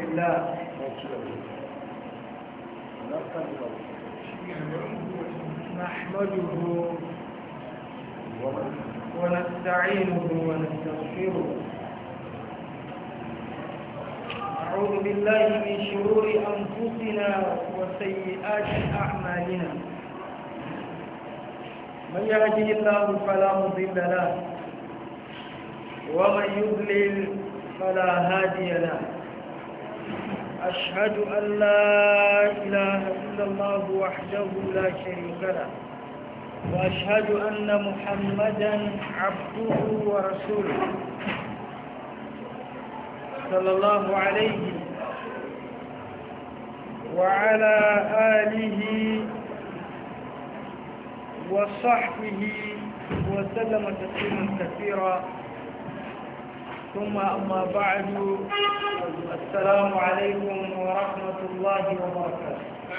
لله نحمده ونستعينه ونستغفره أعوذ بالله من شرور أنفسنا وسيئات أعمالنا من يهده الله فلا مضل له ومن يضلل فلا هادي له أشهد أن لا إله إلا الله وحده لا شريك له وأشهد أن محمدا عبده ورسوله صلى الله عليه وعلى آله وصحبه وسلم تسليما كثيرا ثم أما بعد السلام عليكم ورحمة الله وبركاته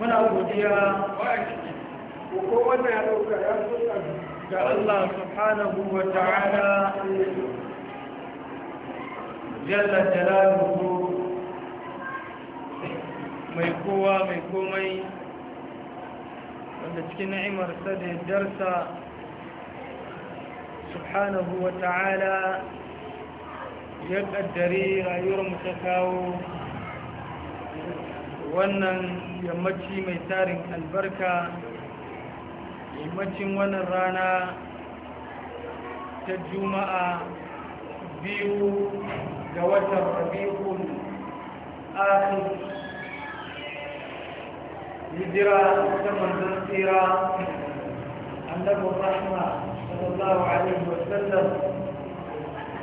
من أبوديا الله سبحانه وتعالى جل جلاله ميكوى ميكومي ميكو wanda cikin na'imarsa da yardarsa subhanahu wa ta'ala ya kaddare rayuwarmu ta kawo wannan yammaci mai tarin albarka yammacin wannan rana ta juma'a biyu ga watan rabi'ul akhir hijira ta manzon tsira annabu rahma sallallahu alaihi wasallam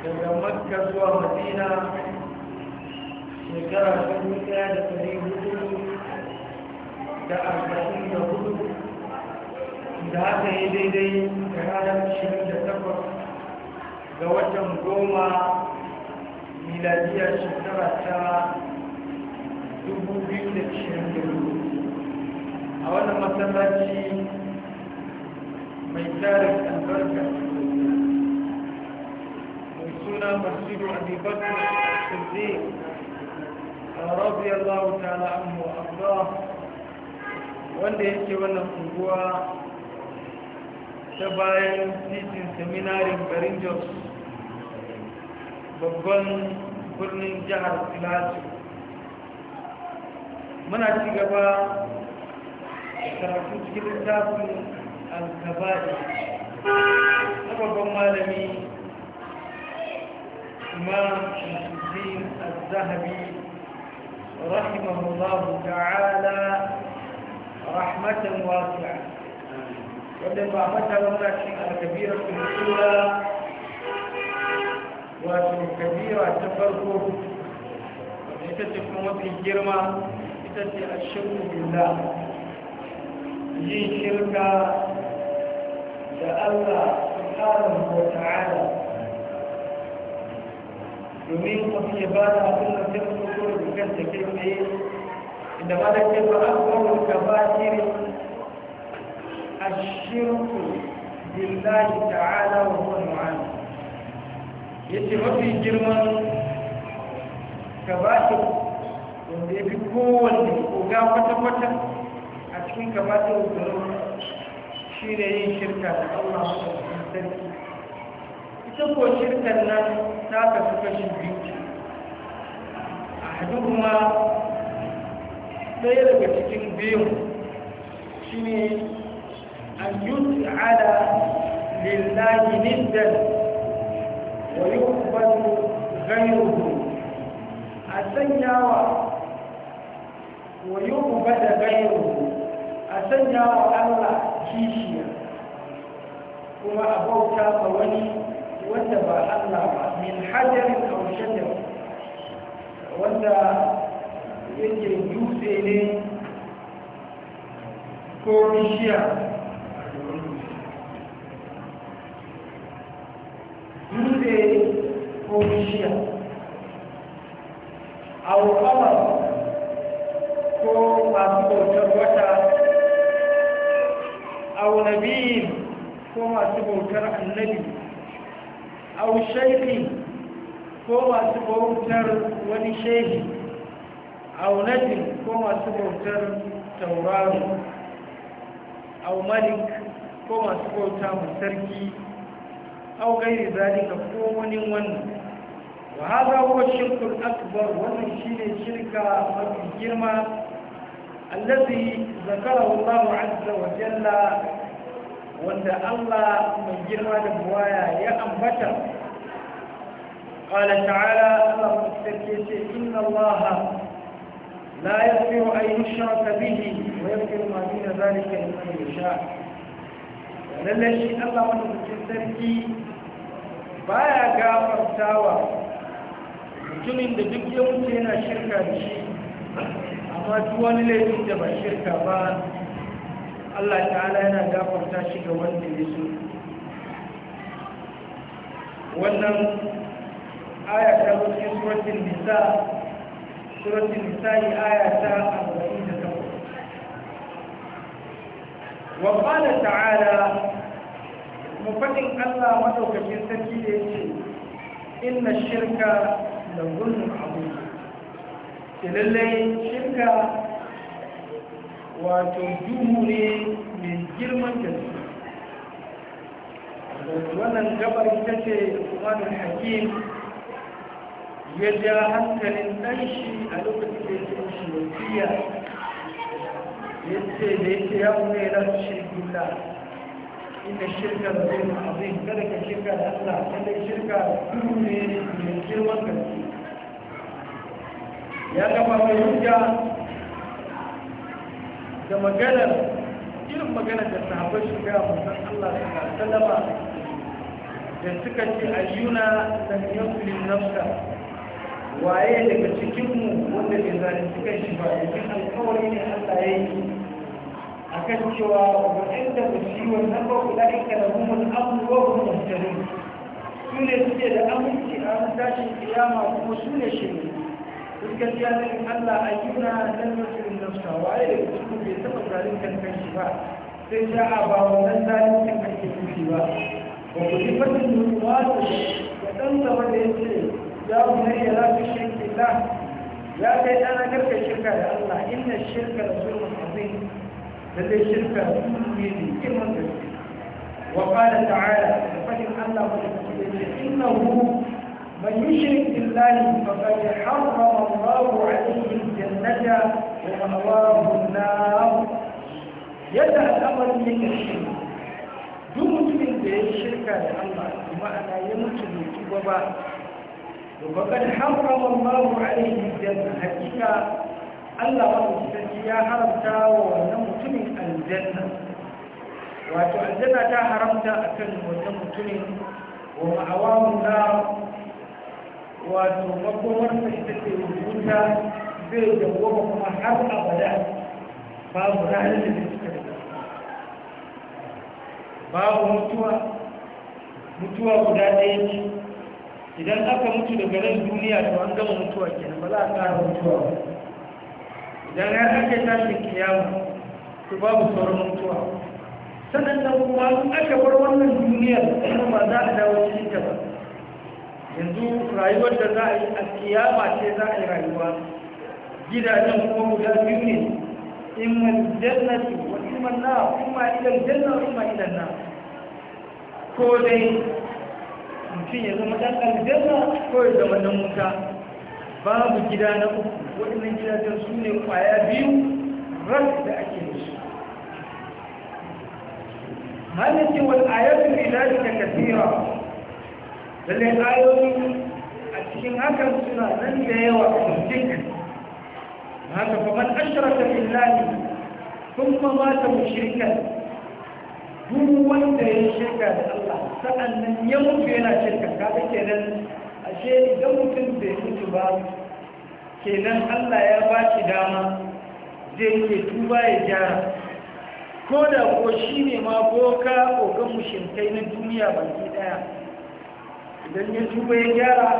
daga makka zuwa madina shekara ta ɗaya da ɗari hudu da arba'in da hudu da haka yi daidai da ranar ashirin da takwas ga watan goma miladiyar shekara ta dubu biyu da ashirin da a wannan masallaci mai tarin barka mai suna masjidu abubakar a رضي lauta na amma وأرضاه wanda yake wannan unguwa ta bayan titin seminarin garin jos babban birnin jihar Filatu, muna ci gaba karatu cikin littafin alkaba'i na babban malami imam shamsuddin al-zahabi rahimahullahu ta'ala rahmatan wasi'a wanda ba mata wanda cikin alkabira kulkura wato kabira ta farko ita ce kuma mafi girma ita ce a shirku billah yin shirka da Allah subhanahu wa ta'ala domin kuma ya ba da abin da ta fito ko da kan ta kai tsaye inda ba da ke ba an kawo ka ba irin ashirku billahi ta'ala wa huwa mu'ala yace mafi girman ka ba shi wanda ya fi kowanne ko ga kwata-kwata cikin da wuzuru shi ne yin shirka da Allah su sarki ita ko shirkan nan ta kasu kashi biyu a haɗu kuma ɗaya daga cikin biyu shi ne an yi ta'ala lillahi nidda wa yi kubatu gairuhu a sanyawa wa yi kubata gairuhu a sanya wa Allah kishiya kuma a bauta ma wani wanda ba Allah ba min hajarin kaushen da wanda yake dutse ne ko bishiya dutse ko bishiya a ko masu bautar wata aw nabiyin ko masu bautar annabi aw shaykhin ko masu bautar wani shehi aw najin ko masu bautar tauraro aw malik ko masu bauta masarki, sarki aw gairi zalika ko wani wannan wa hadha huwa shirkul akbar wannan shine shirka mafi girma الذي ذكره الله عز وجل وأن الله من جرمى بوايا يا أنبتا قال تعالى الله مستكيس إن الله لا يغفر أن يشرك به ويغفر ما دون ذلك لمن يشاء lallai الله من madaukakin بايا baya تاوى mutumin da duk ya yana shirka da shi amma duk wani laifin da ba shirka ba Allah ta'ala yana gafarta shi ga wanda ya so wannan aya ta wuce suratun nisa suratun nisa aya ta da 48 wa qala ta'ala mafadin Allah madaukakin sarki da ce inna shirka da gudun abu ke lallai shirka wato duhu ne mai girman gaske wannan gabar ita ce wani hakim ya ja hankalin ɗan a lokacin da ya ce shi wasiya ya ce da ya ce ya kuma ya lasu shirkin da inda shirka da zai ma'azin kada ka shirka da allah kada shirka duhu ne mai girman gaske ya gama mai hujja da maganar irin maganar da sahabbai shi ga musan Allah sallallahu sallama da suka ce ayyuna yau filin nafsa waye daga cikinmu wanda ke zane kan shi ba cikin alkawari ne Allah ya yi a kan cewa da ba shi wani ba kula ika da kuma abubuwa kuma mutane su ne suke da aminci a tashin kiyama kuma su ne ne gaskiya ne Allah a yuna nan mutum nafsa waye da mutum bai taɓa zalin kan kanshi ba sai sha a ba wannan zalin kan kanshi kuke ba ba ku ji fatin nutsuwa da ɗan zama da ya ce ya wuna ya lafi shirki la ya kai ɗana karka shirka da Allah inna shirka da zulmun azim da zai shirka da zulmun ne da girman gaske wa qala ta'ala da fadin Allah wa ta'ala innahu من يشرك بالله فقد حرم الله عليه الجنه وماواه النار يدعى الامر من الشرك دون من بين الشركاء الله بمعنى يموت من كبابا وقد حرم الله عليه الجنه حقيقه الله اكبر يا حرمت ونموت من الجنه وتعزنا تا حرمت اكل ونموت من ومعواه النار wato makomarsa ita ce rubuta zai da goma kuma har abada babu ranar da ta cika da babu mutuwa mutuwa guda ɗaya ne idan aka mutu daga nan duniya to an gama mutuwa kenan ba za a ƙara mutuwa ba idan ya ta tashin kiyama to babu sauran mutuwa sannan kuma aka bar wannan duniyar kuma ba za a dawo cikin ta ba yanzu rayuwar da za a yi a kiyama ce za a yi rayuwa gidajen kuma guda biyu ne imman jannatu wa imman na kuma idan janna wa imma idan na ko dai mutum ya zama ɗan aljanna ko ya zama ɗan wuta babu gida na uku waɗannan gidajen su ne ƙwaya biyu rar da ake da su malakin wal ayatu ila da kasira lalle ayoyi a cikin hakan suna nan da yawa a cikin haka kamar ashraka billahi kuma mata mushrikan duk wanda ya shirka da Allah sa'annan ya mutu yana shirka kaga kenan ashe idan mutum bai mutu ba kenan Allah ya ba shi dama zai ke tuba ya gyara ko da ko shi ne ma boka ko ga mushrikai na duniya baki daya idan ya tuba ya gyara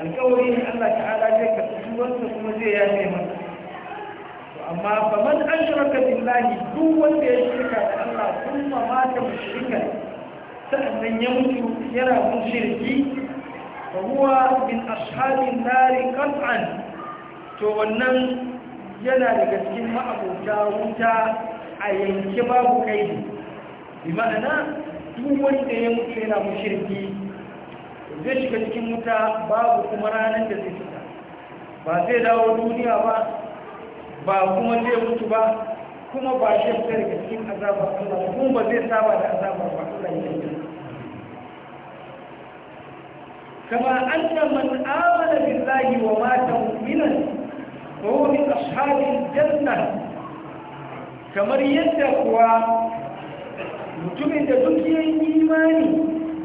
alkawari ne Allah ta'ala zai karɓi tubansa kuma zai yafe masa amma kamar an shirka billahi duk wanda ya shirka da Allah kuma mata mushrikan sa'annan ya mutu yana mushriki fa huwa min ashabin nari qat'an to wannan yana daga cikin ma'abota wuta a yanke babu kai bi ma'ana duk wanda ya mutu yana shirki. zai shiga cikin wuta babu kuma ranar da zai shiga ba zai dawo duniya ba ba kuma zai mutu ba kuma ba shi fita daga cikin azabar kuma kuma ba zai saba da azabar ba Kuma yi yanzu kama an man amana billahi wa mata mu'minan ko wani ashabin janna kamar yadda kuwa mutumin da duk yin imani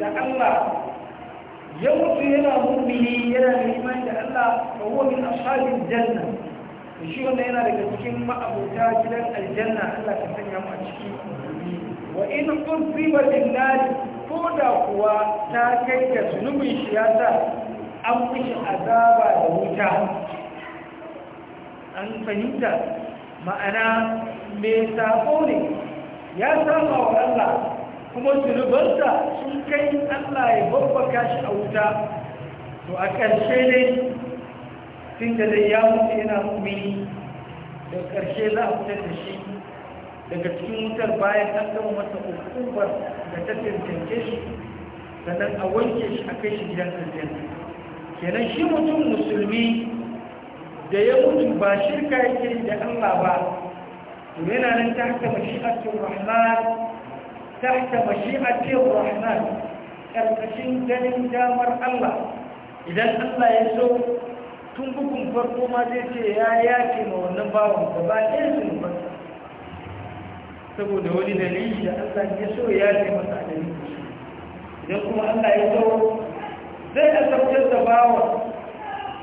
da Allah ya mutu yana mummini yana da da Allah fa huwa min ashabin janna shi wanda yana daga cikin ma'abuta gidan aljanna Allah ka sanya mu a ciki wa in usiba bin nar ko da kuwa ta kai ga zunubin shi ya sa an mishi azaba da wuta an fahimta ma'ana mai sako ne ya sama wa Allah kuma zunubarsa sun kai Allah ya babbaka shi a wuta to a ƙarshe ne tun da zai ya mutu yana mumini da ƙarshe za a fitar da shi daga cikin wutar bayan an gama masa hukumar da ta tantance shi sannan a wanke shi a kai shi gidan aljanna kenan shi mutum musulmi da ya mutu ba shirka yake da Allah ba to yana nan ta haka mashi'atul rahman تحت مشيئة rahman karkashin ganin damar Allah idan Allah ya so tun bukun farko ma zai ce ya yake ma wannan bawon ba ɗaya su ba saboda wani dalili da Allah ya so ya ce masa dalili idan kuma Allah ya so zai asabtar da bawon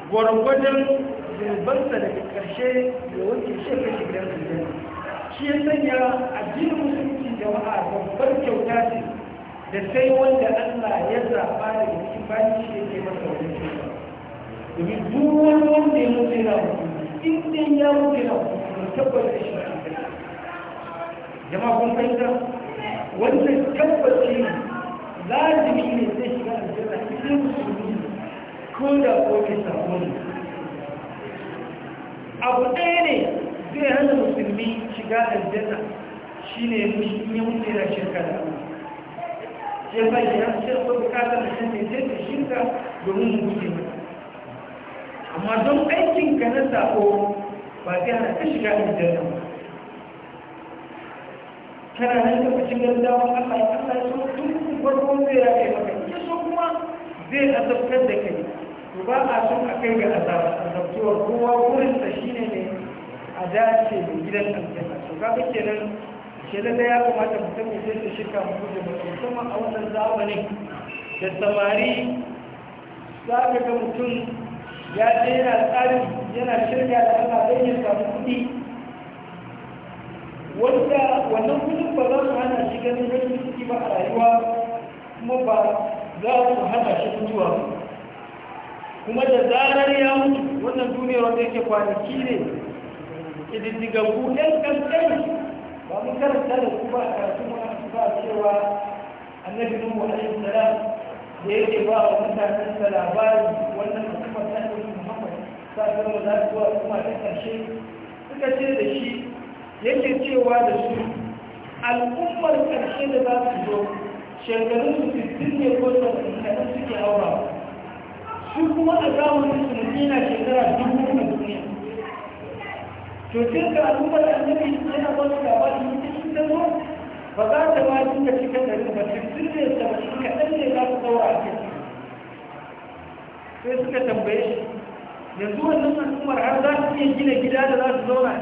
gwargwajen zurbansa daga ƙarshe da wanke shekashi gidan su shi ya sanya addinin musulmi jama'a babbar kyauta ce da sai wanda Allah ya zaɓa da cikin bayan shi yake masa wani kyauta domin duk wani wanda ya mutu yana mutu in dai ya mutu yana mutu tabbata shi na jama'a kun fahimta wannan tabbaci lazimi ne zai shiga aljanna cikin musulmi ko da ko mai sabo ne abu ɗaya ne zai hana musulmi shiga aljanna shi ne mushi ya mutu yana shirka da Allah ya sa ya ce ko bukata da shi ne sai ta shirka domin mu guje mata amma don aikin ka na sako ba sai hana ka shiga aljanna ba kana nan lokacin gaggawa Allah ya Allah ya so tun farko zai ya kai maka ya so kuma zai azabtar da kai to ba a son a kai ga azabtuwar kowa wurin sa shine ne a dace da gidan aljanna to kaga nan. ke lalle ya kamata mutum ya sai su shika mu kuje mu musamman a wannan zamanin da samari za ka ga mutum ya yana tsarin yana shirya da Allah don ya samu kuɗi wanda wannan kuɗin ba za su hana shi ganin rashin ciki ba a rayuwa kuma ba za su hana shi mutuwa ba kuma da zarar ya mutu wannan duniyar wanda yake kwanaki ne ƙididdigaggu ɗan ƙanƙan ba mu karanta da ku ba karatu mu ba cewa annabi nuhu alaihi salam da yake ba wa mutanen sa labarin wannan hukumar ta annabi muhammad sa'adar da za su zuwa kuma ta karshe suka ce da shi yake cewa da su al'ummar karshe da za su zo shekarun su fitin ne ko da kaɗan suke aura su kuma a zamanin su mutum yana shekara dubu na duniya to shirka al'ummar annabi yana wani labari ita shi ta zo ba za ta ma ka cikin da ba ta sirre ta ba shi kaɗan ne za ta zaura a cikin sai suka tambaye shi yanzu wannan al'ummar har za su iya gina gida da za su zauna a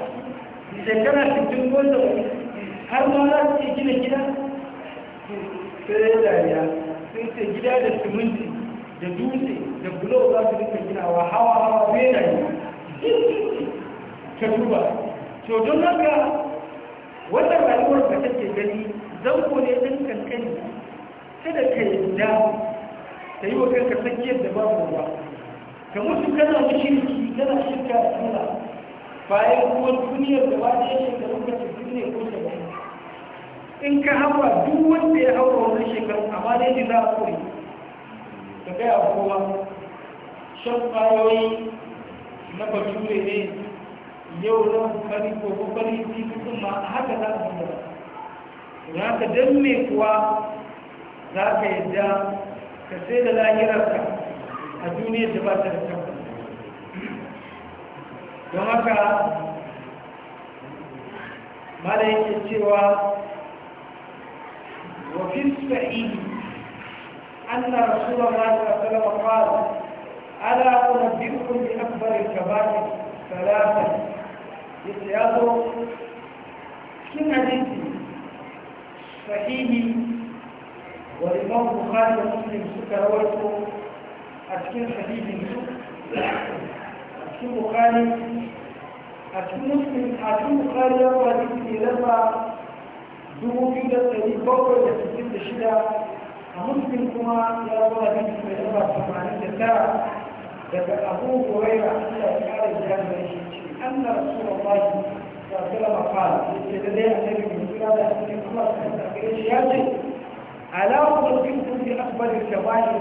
ciki shekara sittin ko da wani har ma za su iya gina gida sai dariya sun ce gida da siminti da dutse da bulo za su rika ginawa hawa hawa bai da yi. ta duba to don haka wannan rayuwar da take gani zanko ne din kankani sai ka kai ta yi wa kanka tsakiyar da babu ba ka mutu kana shirki kana shirka da Allah bayan kuma duniyar da ba ta yashin da kuma duniya ko ta ba in ka hawa duk wanda ya hawa wani shekaru amma dai ne za a koyi ka gaya kowa shan kwayoyi na bature ne yau zan kokari ko kokari ji cikin ma haka za ka gaba don haka don me kuwa za ka yadda ka sai da lahirarka a duniyar da ba ta da tabbata don haka mala yake cewa وفي الصحيح أن رسول الله صلى الله عليه وسلم قال ألا أنبئكم بأكبر الكبائر ثلاثة yadda ya zo cikin hadisi sahihi wa imam bukhari da muslim suka rawaito a cikin sahihin su a cikin bukhari a cikin muslim a cikin bukhari ya zo hadisi da rasa dubu biyu da ɗari bakwai da sittin da shida a muslim kuma ya zo hadisi mai rasa tamanin da tara daga abu hurairah Allah ya kare jami'ai أن رسول الله صلى الله عليه وسلم قال يتدين النبي من خلال أهل الله يأتي ألا أخبركم بأكبر في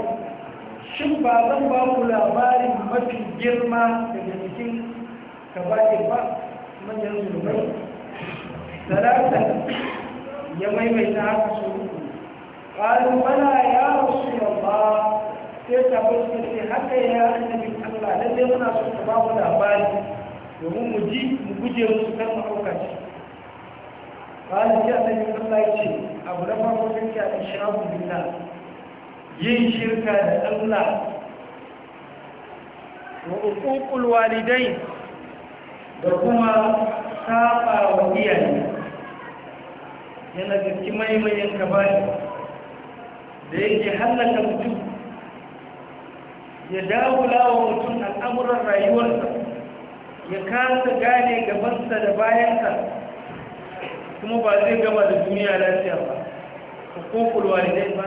shin ba zan ba ku labarin mafi girma daga cikin kaba'ir ba manyan zunubai talatan ya maimaita haka su ƙwarin bala ya rasu yamma sai ta ka haka ya annabi allah lalle muna so ka ba ku labari domin mu ji mu guje musu kan mu auka shi bayan ta annabi Allah ce abu na farko ke a shirafu billah yin shirka da Allah wa uququl walidai da kuma saba wa iyaye yana da ki mai yanka da yake hallaka mutum ya dawo wa mutum al'amuran rayuwarsa ya kasa gane gabansa da ka. kuma ba zai gama da duniya lafiya ba ko kokulwa da dai ba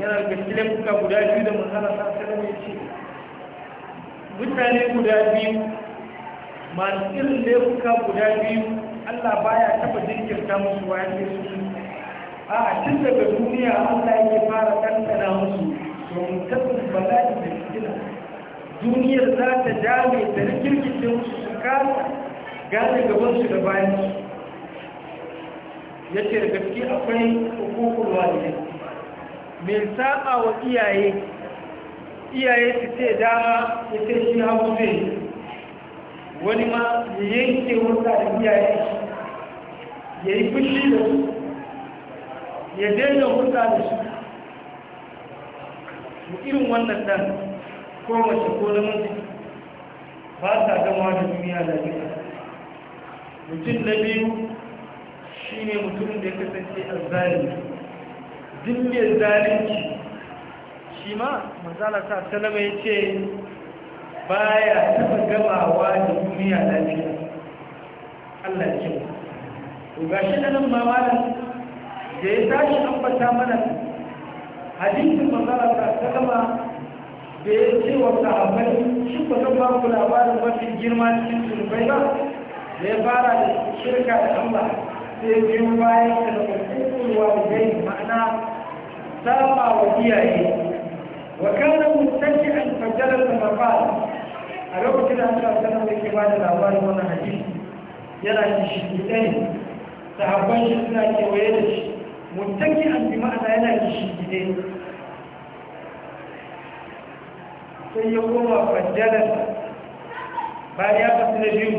yana da kilafuka guda biyu da masana sasana mai ce mutane guda biyu masu irin laifuka guda biyu allah baya taba jinkirta musu wayan da su a cikin daga duniya allah yake fara kankana musu domin tabbas bala'i da fitina duniyar za ta dame da na kirkice musu su kasa gane gabansu da bayan ya ce da gaske akwai hukukun walidai mai sa'a wa iyaye iyaye su ce dama ya ce shi hagu zai wani ma ya yanke wata da iyaye ya yi fushi da su ya daina wata da su irin wannan dan ko mace ko namiji ba ta gama da duniya da nuna mutum na biyu shi ne mutum da ya kasance a zari. duk mai zalunci shi ma manzala ta salama ya ce ba ya taɓa gamawa da duniya lafiya allah ce to ga shi da nan mamalin da ya tashi ambata mana hadisin manzala ta salama da ya ce wa sahabbai shi ku zan ba ku labarin mafi girma cikin zunubai ba da ya fara da shirka da Allah sai biyu bayan da hukukuwa da gai ma'ana saba wa iyaye wa kana mutaki an fajalar da mafal a lokacin da Allah sanar da ke ba da labarin wannan hadisi yana shi shi ɗaya sahabban shi suna kewaye da shi mutaki an bi ma'ana yana shi shi ɗaya sai ya koma fajjalar bayan ya kasu na biyu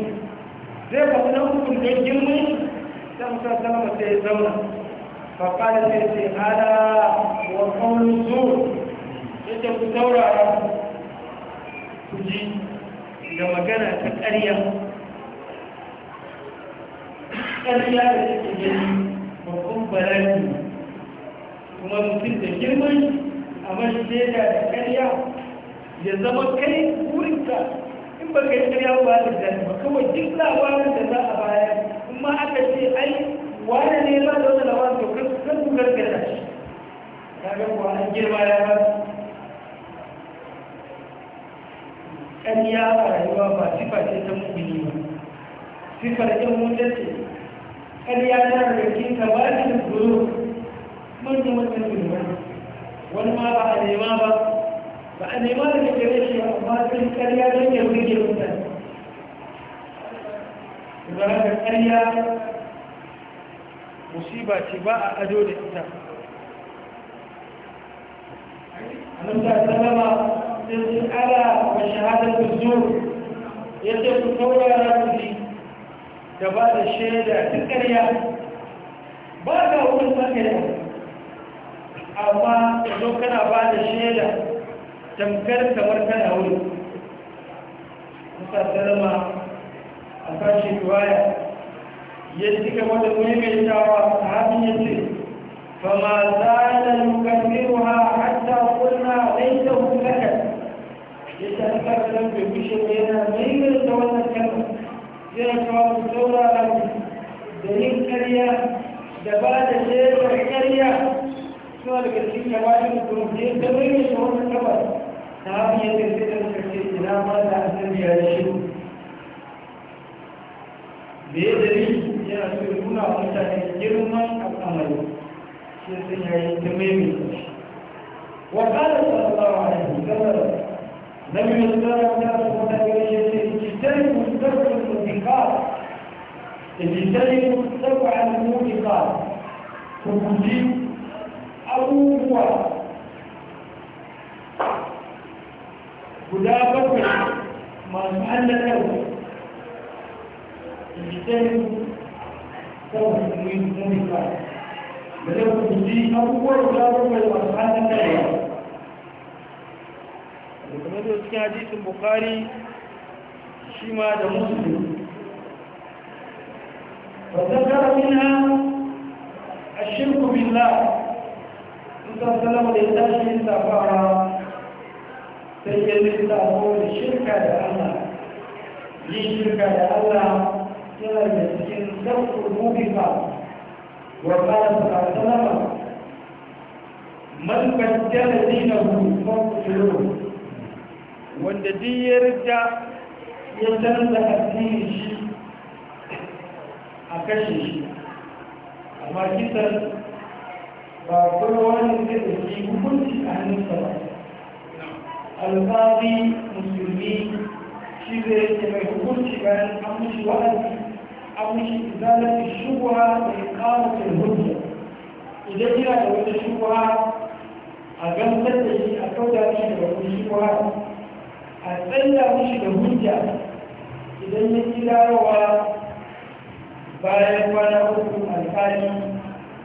zai kasu na hukun don girman ta musa salama sai ya zauna faƙalar sai sai hada wa kawun zuwa yadda ku saurara ku ji da magana ta ƙarya ƙarya da take gani babban bala'i kuma mutum da girman a mashi da ƙarya ya zama kai burinka in ba ka yi karya ba da zai ba kawai duk labarin da za a baya in ma aka ce ai wane ne ba da wani labarin to kan kan ku gargada shi ta ga kuwa an girma ya ba ƙarya a rayuwa ba sifa ce ta mubini ba sifar yan wuta ce ƙarya ta rikin ka ba da zuru manyan wannan wani ma ba a nema ba ba a nema daga gare shi amma sun karya don ya rige mutane ba da karya musiba ce ba a ado da ita annabta sallama sai sun ala wa shahadar zuwa ya ce ku saurara ku da ba da shaida ta karya ba ga wurin makaya amma yanzu kana ba da shaida tamkar kamar kana wuri musa salama a sashi riwaya ya ci gaba da maimaitawa sahabin ya ce فما زال يكررها حتى قلنا ليته لك يتأثر لك بشر هنا غير تولى الكلمة زي كما الدولة لك دليل كرية دبال شيخ كرية سؤال كثير كمان يكون غير تمرين شهور الكبر ثانية الفتن في الإسلام لا أسلم يا شيخ بيدري يا سيدنا متى جرما الأمل شيخ يا تميمي وقال صلى الله عليه وسلم نبي الله تعالى وتعالى اجتنبوا السبع الموبقات اجتنبوا السبع الموبقات فكتب أبوه guda bakwai masu hallakarwa ijitai saboda muhimmin mutuwa da zai kusurci abubuwa guda bakwai masu hallakarwa da kuma zo cikin hadisin bukari shi ma da musulun فذكر منها الشرك بالله صلى الله عليه وسلم لإنسان السفارة sai ya lissa wani shirka da Allah yin shirka da Allah yana da cikin zafin mubifa wa ƙara sallama man baddala dinahu fa'ulu wanda duk ya rida ya canza addini shi a kashe shi amma kisan ba kowa ne zai da shi hukunci a hannunsa ba alfari musulmi shi zai ke mai hukunci bayan an mushi wa'azi an mushi izalafi shubuwa da ya kawo tilhujja idan yana da wata shubuwa a gamsar da shi a kauda mishi daga wata shubuwa a tsalla mishi da hujja idan ya kirawa bayan kwana uku alfari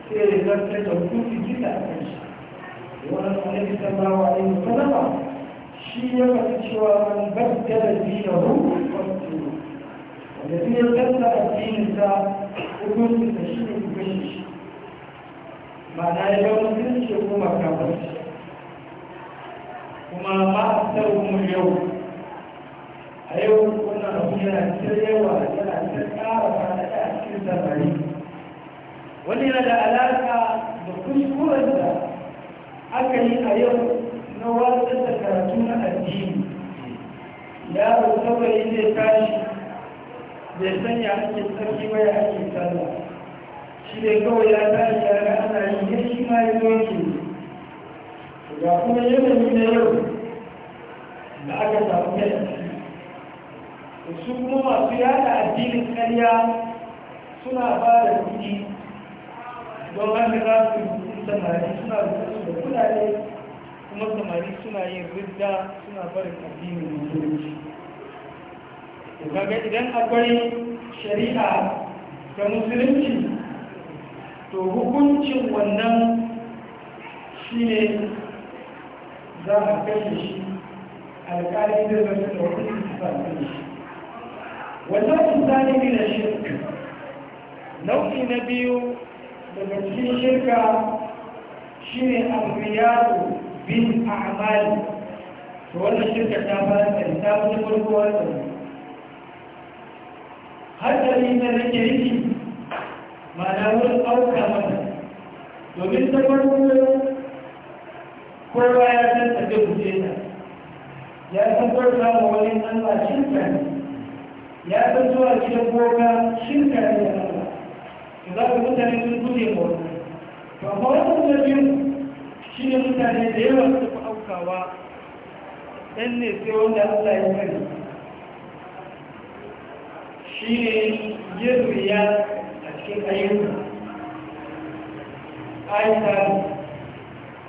sai ya zartar da hukunci kisa a kan shi wannan annabi ne alaihi shi ya faɗi cewa man baddala dinahu fasturu wanda duk ya canza addininsa hukuncin da shi ne ku kashe shi ma'ana ya ga musulunci ya koma kafarci kuma ma a tsawo tsarkun yau a yau wannan abu yana ta yawa yana ta ƙara faɗaɗa a cikin zamani wani yana da alaƙa da kuskuren da aka yi a yau na wata da karatu na addini yaro saboda zai tashi bai sanya ake tsarki waya ya ake tsalla shi dai kawai ya tashi ya ga ana yi ya shi ma ya zoke ga kuma yanayi na yau da aka samu kai su kuma masu yada addinin karya suna ba da kuɗi don haka za su yi samari suna da su da kuɗaɗe kuma samari suna yin rida suna barin addinin musulunci to kaga idan akwai shari'a ga musulunci to hukuncin wannan shi ne za a kashe shi alƙali da zai da wani sami shi wannan misali ne na shirka nau'i na biyu daga cikin shirka shine abu bin a'mali to wannan shirka ta fara da ta wani farko wannan Har da nake yi ma'ana wurin auka mata domin ta farko kowa ya san ta zai guje ta ya san farka ma wani allah shirka ne ya san zuwa cikin boka shirka ne da allah za ku mutane sun guje ma wani to amma wannan da shi ne mutane da yawa su fi aukawa ɗan ne sai wanda allah ya sani shi ne yi a cikin ayyuka ayyuka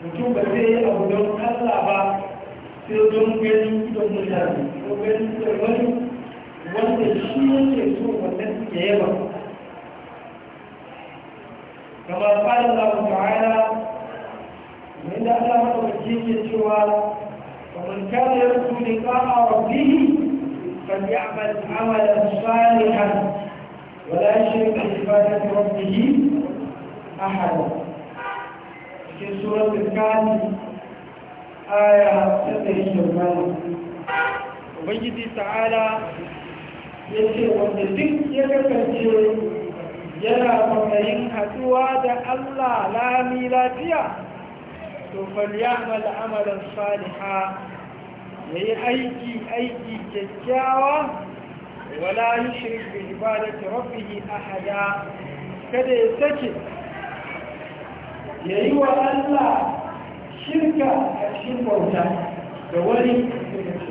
mutum ba zai yi abu don allah ba sai don gani don mutane ko gani idon wani wanda shi yake so wannan suke yawa kamar fara الله ta'ala mai da ta kwanci ke cewa wani kada ya kuɗi ƙafa wa bihi ka fi amala tsari har wala shi ka fi fata ta wani yi a hada cikin tsoron da kani aya ta ta yi shirmanu ubangiji ta'ala ya ce wanda duk ya kasance yana kwanayin haɗuwa da allah lami lafiya to falyamal amalan saliha yayi aiki aiki kyakkyawa wala yushrik bi ibadati rabbih ahada kada ya sake yayi wa Allah shirka a cikin bauta da wani daga cikin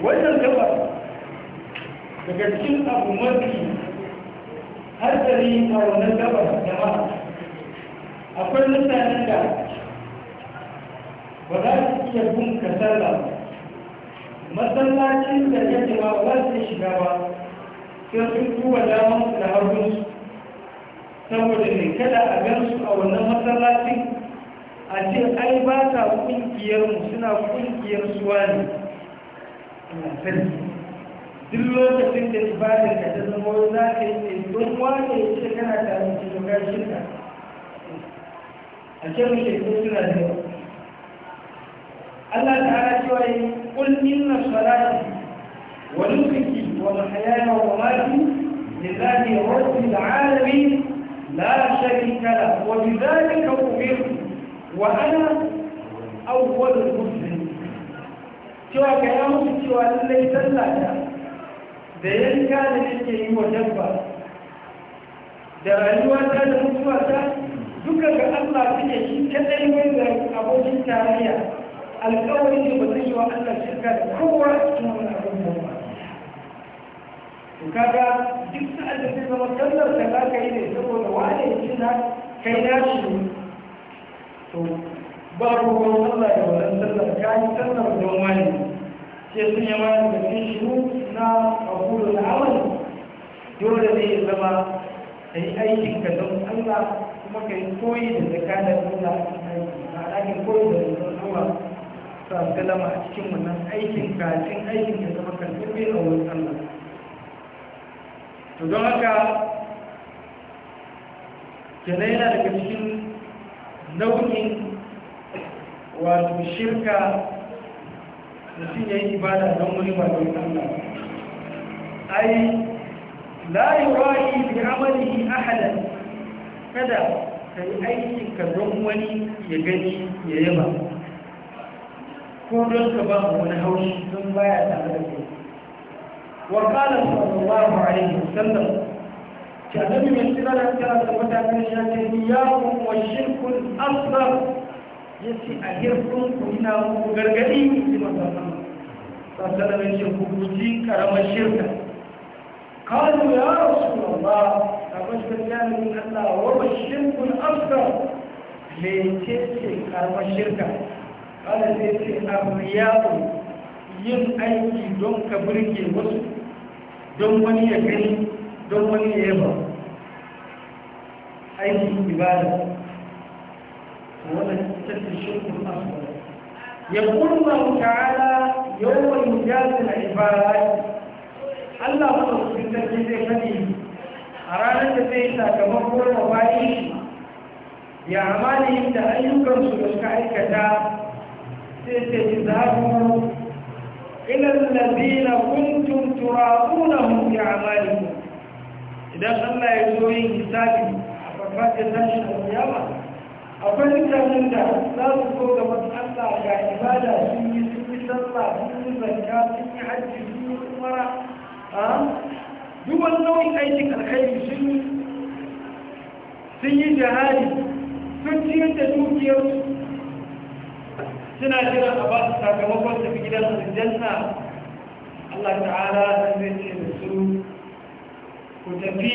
wannan gaba daga cikin abu mafi hatsari a wannan gaba da ma akwai mutanen da ba za su iya bin kasar ba masallacin da yake ba ba su shiga ba sai sun duba daman da hagunsu saboda ne kada a gan su a wannan masallacin a ce ai ba ta mu suna kungiyar suwa ne duk lokacin da ibadar ka ta zama wani za ka yi ne don wane ya ce kana tare da shi a ce mu shekaru suna da yawa Allah ta'ala cewa yi kul inna salati wa nusuki wa mahayaya wa mamati lillahi rabbil alamin la sharika la wa bidhalika umirtu wa ana awwalul muslimin cewa ka ya musu cewa lallai sallata da yanka da nake yi wa dabba da rayuwa ta da mutuwa ta duka ga Allah suke shi kadai wanda abokin tarayya alƙawari ne ba zai yi wa Allah shirka da kowa a cikin wani abubuwan ba to kaga duk sa'ad da zai zama sallar da za ka yi ne saboda wane ya ci na kai na shi to ba ruwan Allah da wannan sallar ka yi sallar don wani sai sun yi mani da cikin shiru na abu da amal dole ne ya zama ka yi aikin ka don Allah kuma ka yi koyi da zakatar Allah a cikin aiki ma'ana ka koyi da zakatar Allah sa kalama a cikin wannan aikin kafin aikin ya zama karfafe a wurin Allah to don haka kenan yana daga cikin nau'in wato shirka mutum ya yi ibada don wani ba don Allah ai la yura'i bi amalihi ahadan kada ka yi aiki ka don wani ya gani ya yaba ko don ka ba wani haushi don baya tare da kai wa qala sallallahu alaihi wasallam ta nabi mai tsira da tsara da mutane ya ce iyyakum wa shirkul ya yace a hirkun ku ina muku gargadi ji manzon Sassanar sallallahu alaihi ya ce ku guji karamar shirka قالوا يا رسول الله karfashin jami'in Allah wa bashin kun amsa mece ce shirka. ka zai sai ce arriyaku yin aiki don ka birke wasu don wani ya gani don wani ya yaba aiki ibada wannan ita ce shirkun asfar يقول الله تعالى يوم يجازي العباد الله مصر في التجديد فديه a ranar da zai sakamako da bayi ya amali da ayyukansu da suka aikata sai ce izhabu ila allazina kuntum turabunahum bi amalikum idan Allah ya zo yin hisabi a farfajin tashin alƙiyama akwai mutanen da za su zo ga Allah ga ibada sun yi sun yi sun yi zakka sun yi hajji sun yi umara duk wani nau'in aikin alkhairi sun yi sun yi jihari sun ciyar da dukiyarsu suna jira a ba su sakamakon tafi gidan aljanna Allah ta'ala sun zai ce da su ku tafi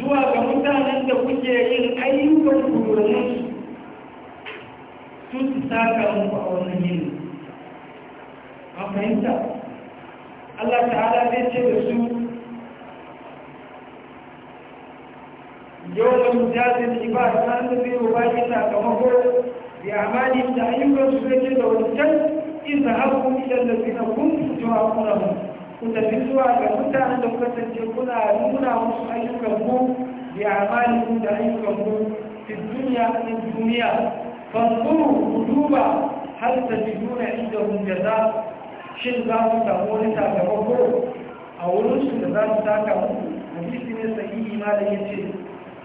zuwa ga mutanen da kuke yin ayyukan gudunaninsu su su saka muku a wannan yini. a fahimta? Allah ta'ala zai ce da su يوم جاز العباد أن في مباشرة كمهر بأعمالهم تأيوكا سبجد والجن إذا هبوا إلى الذين كنتم تعاقونهم كنت بسوى كنت أن تكتب كنا نمنا وسأيوكم بأعمالكم تأيوكم في الدنيا من الدنيا فانظروا قلوبا هل تجدون عندهم جزاء shin za su samu أو sakamako ذاك wurinsu da za su saka muku hadisi ne sahihi ma da yace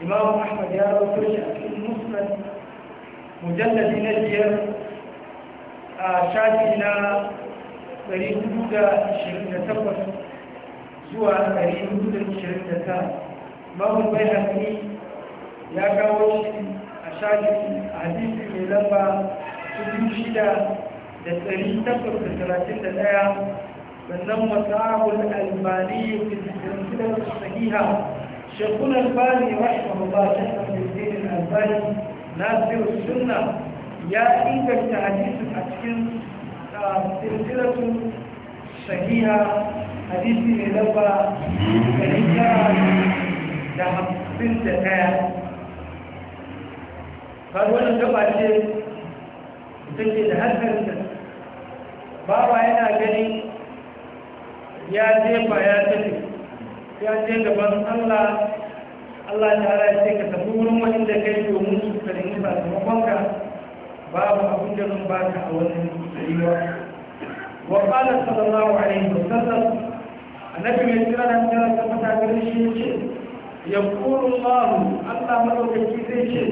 الإمام أحمد يا رب في المسلم مجلد نجير آه، شاكي لا بريد مدى شرين تقف سوى بريد مدى شرين تقف إمام البيهقي يا كاوش شاكي حديث من لما تدوشي da ɗari takwas da talatin da ɗaya sannan masahul في da sahiha شيخنا الباني رحمه الله في الدين الألباني ناصر السنة يا إنك التحديث أتكن آه، سلسلة صحيحة حديثي للبا كريكا لهم بنت آية فالولا جبع شيء تجد هذا بابا انا جني يا ديبا يا tafi ya ce gaban Allah Allah ta hara ya ce ka tafi wurin da kai domin su ka nemi sakamakon ka babu abin da zan baka a wannan rayuwa wa qala sallallahu alaihi wasallam annabi mai kira da kira ta fata garin shi ce yaqulu Allah Allah madaukaki zai ce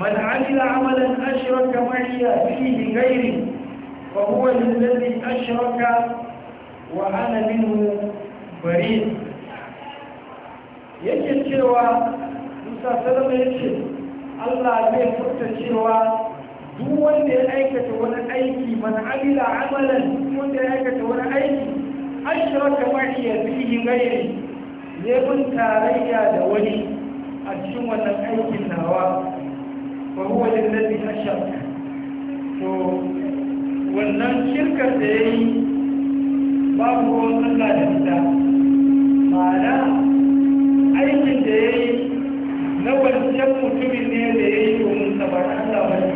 man amila amalan ashraka ma'iya fihi ghairi fa huwa alladhi ashraka wa ana minhu bari yake cewa musa salama ya ce allah zai furta cewa duk wanda ya aikata wani aiki mana amila amalan wanda ya aikata wani aiki an shirarta ya fiye gairi neman tarayya da wani a cikin wannan aikin nawa ba huwa lillazi ashraka to wannan shirkar da yi babu ruwan Allah da ita Mana aikin da ya yi na wancan mutumin ne da ya yi domin sabar Allah wani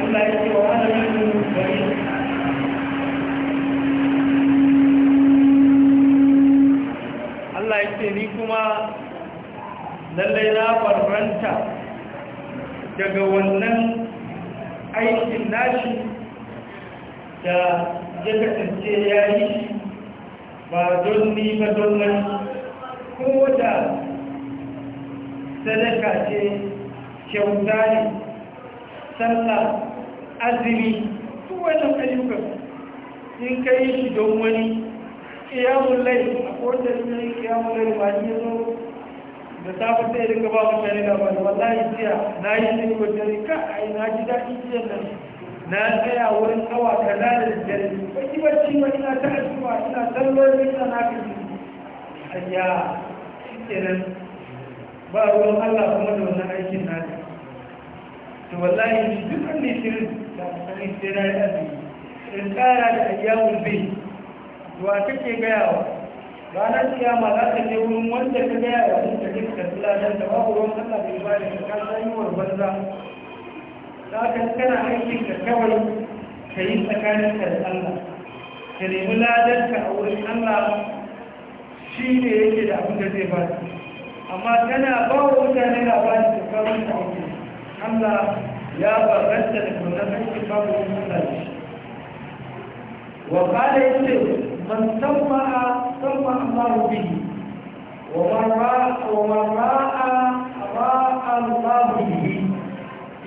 Allah ya ce wa hana yin bari Allah ya ce ni kuma lallai na farfanta daga wannan aikin nashi da ya kasance ya yi shi ba don ni ba don wani ko da sadaka ce kyauta ne sallah azumi ko wannan ayyuka in ka yi shi don wani kiyamun lai a kowace ne kiyamun lai ba ni zo da safe sai rika ba mutane da ba da wallahi siya, na yi ne wajen rika a yi na ji daɗi jiya nan na tsaya wurin tsawa ta da dare baki bacci ba ina ta asuwa ina sallon ina na kaji ayya kenan ba ruwan Allah kuma da wani aikin na da to wallahi shi duk ne shirin da sani sai na yi azumi in tsara da ayyawun bai wa kake gayawa ranar kiyama za ka je wurin wanda ka gaya wa mutum da duk da tulatar da babu ruwan Allah bai ba da ka san yi wa banza za ka kana aikin da kawai ka yi tsakanin da Allah ka nemi ladarka a wurin Allah shi ne yake da abin da zai ba amma tana ba wa mutane labarin da kawai da ake Allah ya barranta da wannan aikin babu wani Allah shi وقال يسر من سمع سمع الله به ومن راى ومن راى راى الله به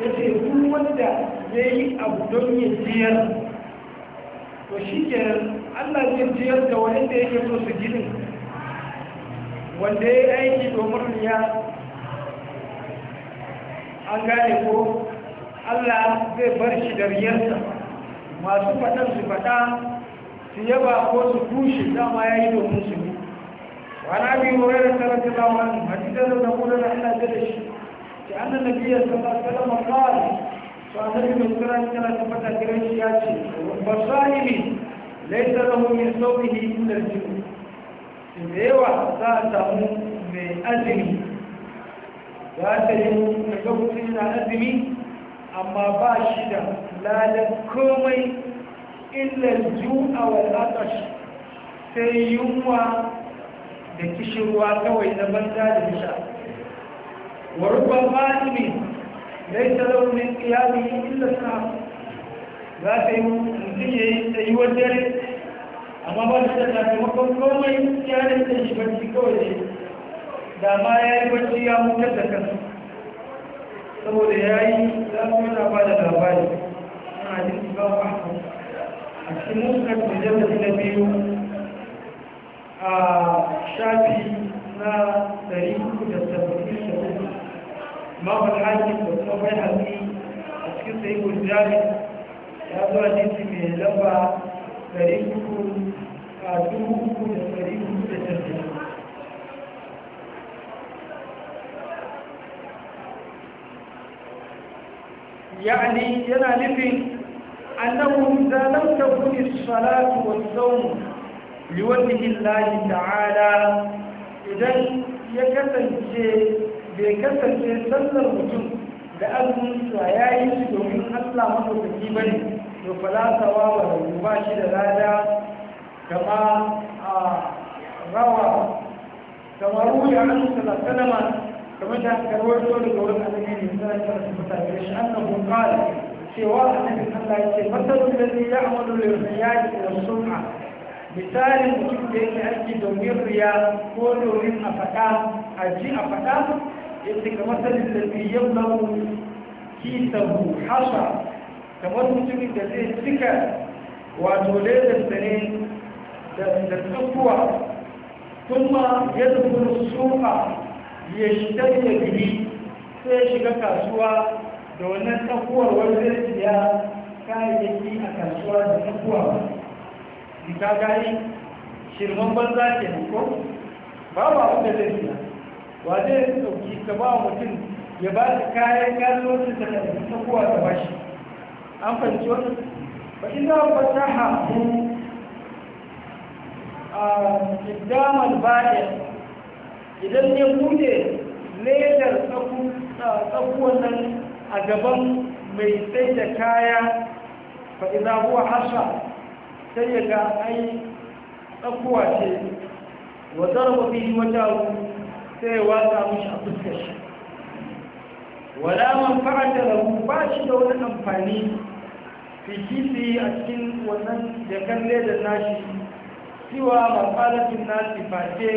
ya ce wanda ya yi abu don yi jiyar to shi ke allah zai jiyar da wanda yake so su ginin wanda ya yi aiki domin ya an gane ko allah zai bar shi da riyarsa masu faɗan su faɗa su yaba ko su bushe, dama ya yi domin su yi wani abin wurin da sarrafa lawan hadisar da na allah zai da shi لأن النبي صلى الله عليه وسلم قال فالنبي من كرة كرة فتح كريش ياتي والبصائم ليس له من صومه إلا الجنون إذا ساته من أزمي ذاته من لغة إلى أزمي أما باشدة لا لكومي إلا الجوع والعطش سيوم da kishirwa kawai na banza da nishaɗi ورب الغائب ليس له من قيامه إلا الساعة ذات يمكن أي وجر أما بعد ذلك كوما يمكن أن تشبه كوي da ma ya yi bacci ya mutar da kansu saboda ya yi zafi yana ba da labari ana jin ba a a cikin da na biyu a shafi na 373 imam al-hakim da kuma bai hasi a cikin sayi gujjari ya zo hadisi mai lamba dari uku a dubu uku da dari uku da tafiya يعني ينا نفي أنه إذا لم تكن الصلاة والصوم لوجه الله تعالى إذا يكتن شيء bai kasance sallar mutum da azumin sa ya yi shi domin allah maɗaukaki ba ne to falasawa wa rabu ba shi da lada kama a rawa kama ruya an salatalama kamar da aka rawaito daga wurin annabi ne sallallahu alaihi wasallam shi annabi qala سوى النبي صلى الله عليه وسلم مثل الذي يعمل للرياء الى الصنعه مثال mutum da yake aiki domin riya ko domin a faɗa a ji a faɗa yadda kamar sanin da fi yau na kisabu hasha kamar mutumin da zai cika wato ledarsa ne da tsakuwa kuma ya zubin suka ya shiga da gini sai ya shiga kasuwa da wannan tsakuwar wanda ya kayayyaki a kasuwa da tsakuwa ba ta gani shirman banza ke ko babu abin da zai wa zai ɗauki ka ba mutum ya ba su kayan ganonin da ta kuwa da bashi an fahimci wani ba ina ta haku a damar bayan idan ya bude ledar tsakuwan nan a gaban mai sai da kaya Ba ina huwa hasha sai ya ga ai tsakuwa ce wa zarba wajen sai ya watsa mashi a fuskar shi wala manfa'a da lahu ba shi da wani amfani fikisi a cikin wannan jakar ledar nashi cewa mafalatin nasi face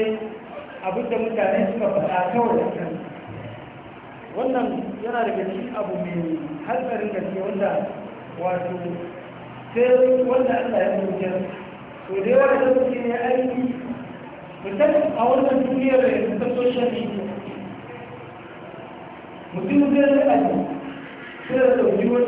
abinda mutane suka faɗa kawai da kan wannan yana daga cikin abu mai hatsarin gaske wanda wato sai wanda allah ya mutu to da yawa da suke ne aiki musamman a wannan duniyar da yanzu ta social media mutum zai da wata duniya ga shi yana a yana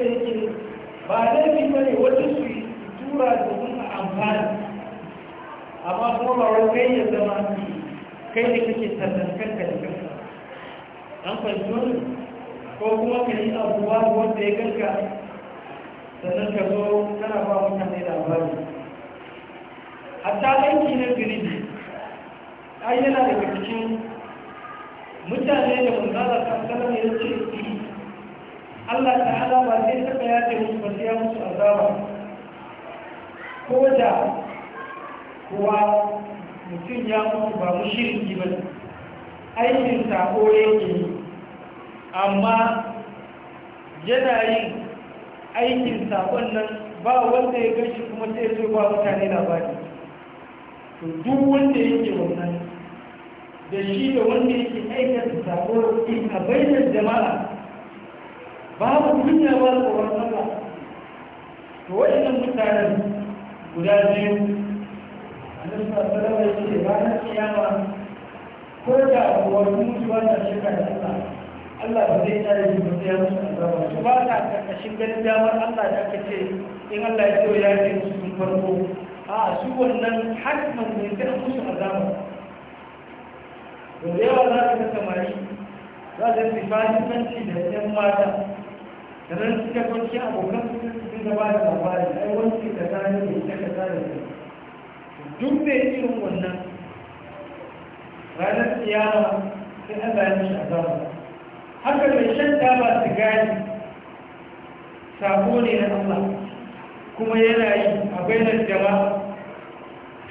yake ba laifin ba ne wata su yi tura da kuma amfani amma kuma ba wani kai ya zama kai da kake tattankan da kanka an fahimtar ko kuma ka yi abuwa wanda ya ganka sannan ka zo tana ba mutane labari hatta aiki na giriji ai yana daga cikin mutane da manzala ta sanar ya ce Allah ta hada ba zai taɓa ce musu basu ya musu azaba ko da kuwa mutum ya mutu ba mu shirin ba aikin sako yake amma yana yin aikin sakon nan ba wanda ya gashi kuma sai zai ba mutane labari to duk wanda yake wannan da shi da wanda yake aikin sako yake a bayyar jama'a babu kunya ba su tsoron ba to waɗannan mutanen guda biyu a nan sa sarara yake ranar kiyama ko da wani mutu ta shekara da Allah Allah ba zai tare da mutu ya musu azaba su ba ta karkashin ganin damar Allah da aka ce in Allah ya ce ya ce musu sun farko a su wannan hakman ne sai musu azaba da yawa za ka samari za ka fi fasikanci da yan mata da nan suka kwanci abokan su sun gaba da labari ai wanci da ta ne da ita da tare da duk da irin wannan ranar tsiyama sai Allah ya a azaba haka mai shan taba sigari sabo ne na Allah kuma yana yi a bainar jama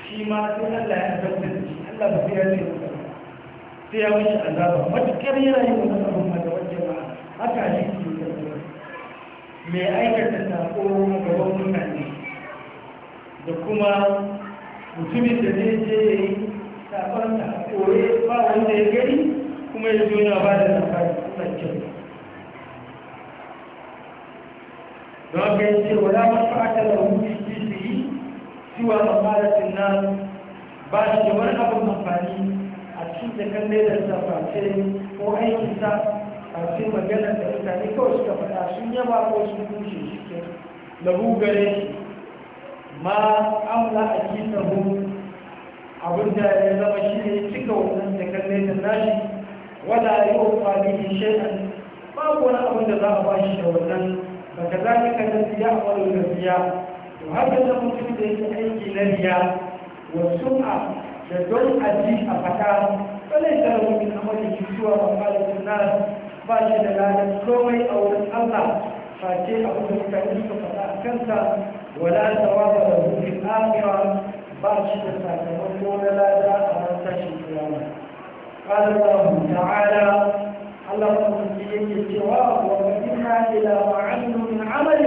shi ma sai Allah ya azabta da shi Allah ba sai ya ce masa sai ya mishi azaba matukar yana yi wani abin mata wajen ma haka ne ke yi mai aikata sako gaban mutane da kuma mutumin da zai je ya yi saban da ba wanda ya gani kuma ya zo yana ba da labari mai kyau don haka ya ce wala mafata da wuri mafaratin nan ba shi da wani abin amfani a cikin da kan da safafe ko aikinsa a cikin maganar da mutane kawai suka faɗa sun yaba ko sun kushe shi ke lagu gare ma amla a kisa abinda ya zama shi ne cika wannan da kalle da nashi wala yi wa fadi shay'an babu wani abin da za a ba shi da wannan ba ka za ka kalle ya amalu da biya to har da mutum da yake aiki na riya wa sun'a da don aji a fata balai da mutum amali zuwa mamalin nas ba shi da ladan komai a wurin Allah face abin da mutane suka faɗa a kansa wala tawaba da hukun ba shi da sakamako na lada a ran tashin kiyama قال الله تعالى الله سبحانه يتواب ومدنا إلى ما عملوا من عمل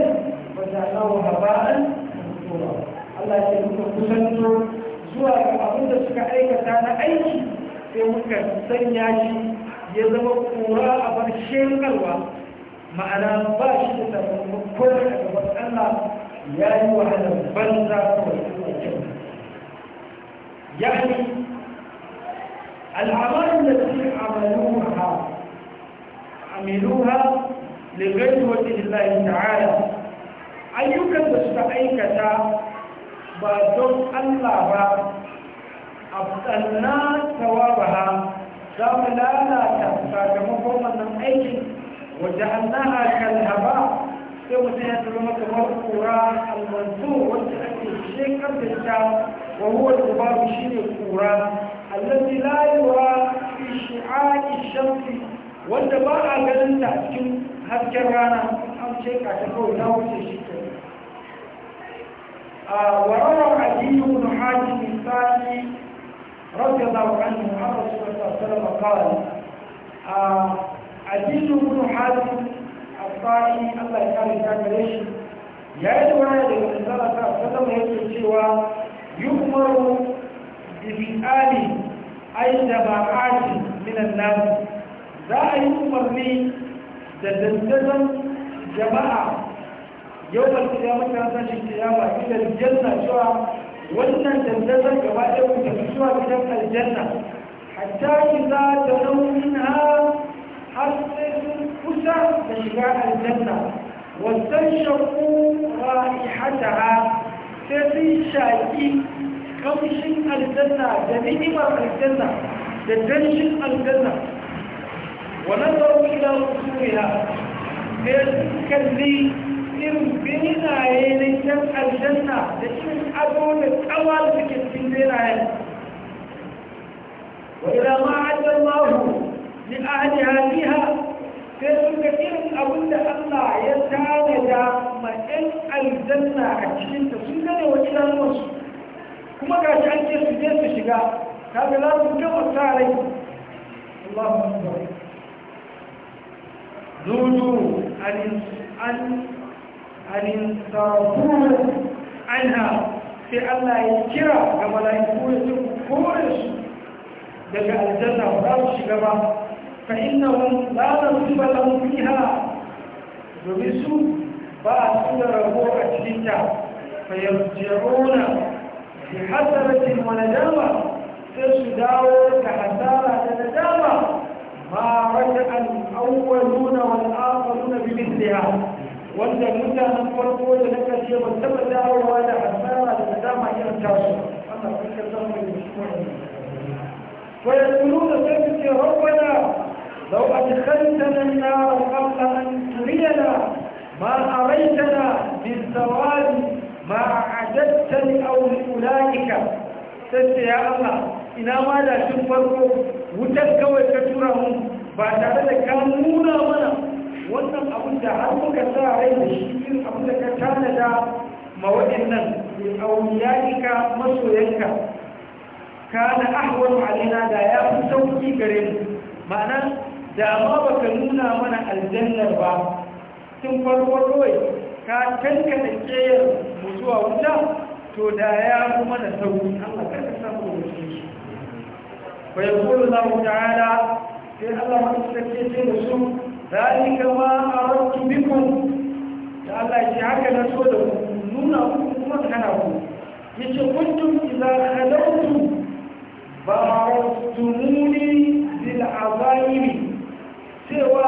وجعله هباء منثورا الله zuwa كسنتو abin da suka aikata na aiki sai muka sanya shi ya zama kura a barshen kalwa ma'ana ba shi da sakamakon a gaban Allah ya yi wahalar banza kawai a kyau يعني العمل التي عملوها عملوها لغير وجه الله تعالى أيك تستحيك تا بدون الله با أبطلنا ثوابها ثم لا لا تفاجم قوما من أجل وجعلناها كالهباء sai mutum ya zama kamar kura almanzu wacce ake shekar da ita wa huwa zubabu shi ne kura allazi la yura fi shi'a'i shamsi wanda ba a ganin ta cikin hasken rana an sheka ta kawai ta wuce shi ke وروى علي بن حاتم الثاني رضي الله عنه عن رسول الله صلى الله عليه وسلم قال علي بن حاتم asfari allah ya kare ta gare shi ya yi da wani daga ta ta sallama yake cewa yu'maru bi bi'ali ay da ba ba'ati minan nas za a yi umarni da dandazon jama'a yau ba su ya mutane tashin kiyama ita aljanna cewa wannan dandazon gaba ɗaya ku tafi zuwa gidan aljanna hatta ki za ta nauyin ha har sai موسى فشجاء الجنة واستنشقوا رائحتها ففي شاكي قمش الجنة جنيمة الجنة جنش الجنة ونظروا إلى رسولها كالذي إن بين يليتم الجنة لكن أدون الأول بين بينا وإلى ما عد الله لأهلها فيها sai sun ga irin abin da Allah ya tare da ma'in aljanna a cikin cikinta sun gane wa idanuwarsu kuma ga shi an ce su je su shiga kaga za su gama sa rai Allahu Akbar nudu an an sarfu anha sai Allah ya kira ga mala'iku ya ce ku kore su daga aljanna ba za su shiga ba فإنهم لا نصيب لهم فيها domin ba a suna rabo a cikinta fayyarjerona da hasaracin wani nadama? sai su dawo da hasara da nadama ma wata al'awwaluna wani nuna bibin daya wanda mutanen farko da na ƙarshe ba taɓa dawowa da hasara da nadama irin tasu ana kuka zama da shi wani nuna sai su ce rabbana لو أدخلتنا النار قبل أن ترينا ما أريتنا بالزواج ما أعددت لأولئك سنت يا الله إنا ما لا تنفروا وتلك وتكرهم بعد ذلك كمونا منا وانا أقول ده عمك ساعي الشكير أقول لك كان ده موئنا لأولئك مسؤولك كان أحوال علينا ده يا فسوكي كريم معناه da ma baka nuna mana aljannar ba tun farko kawai ka da keyar mu zuwa wuta to da ya fi mana sauki Allah kar ka samu wuce shi fa yaqulu Allah ta'ala sai Allah ta ce da su zalika ma aradtu bikum da Allah ya haka na so da ku nuna kuma kana ku Ya yace kuntum iza khadawtu ba aradtumuni bil azaimi cewa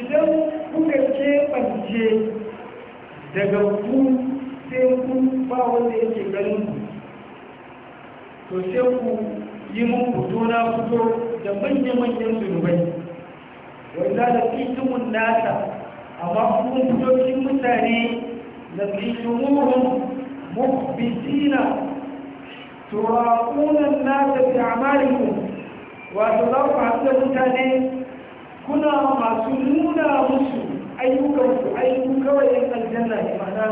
idan kuka keɓance daga ku sai ku ba wanda yake ganin ku to sai ku yi mun fito na fito da manya-manyan zunubai wanda da fitimun nasa amma kuma fito cikin mutane da fitimun mukbitina turakunan nasa da amalinku wato za ku haɗu da mutane kuna masu nuna musu ayyukanku ayyukan kawai yan aljanna ne ma'ana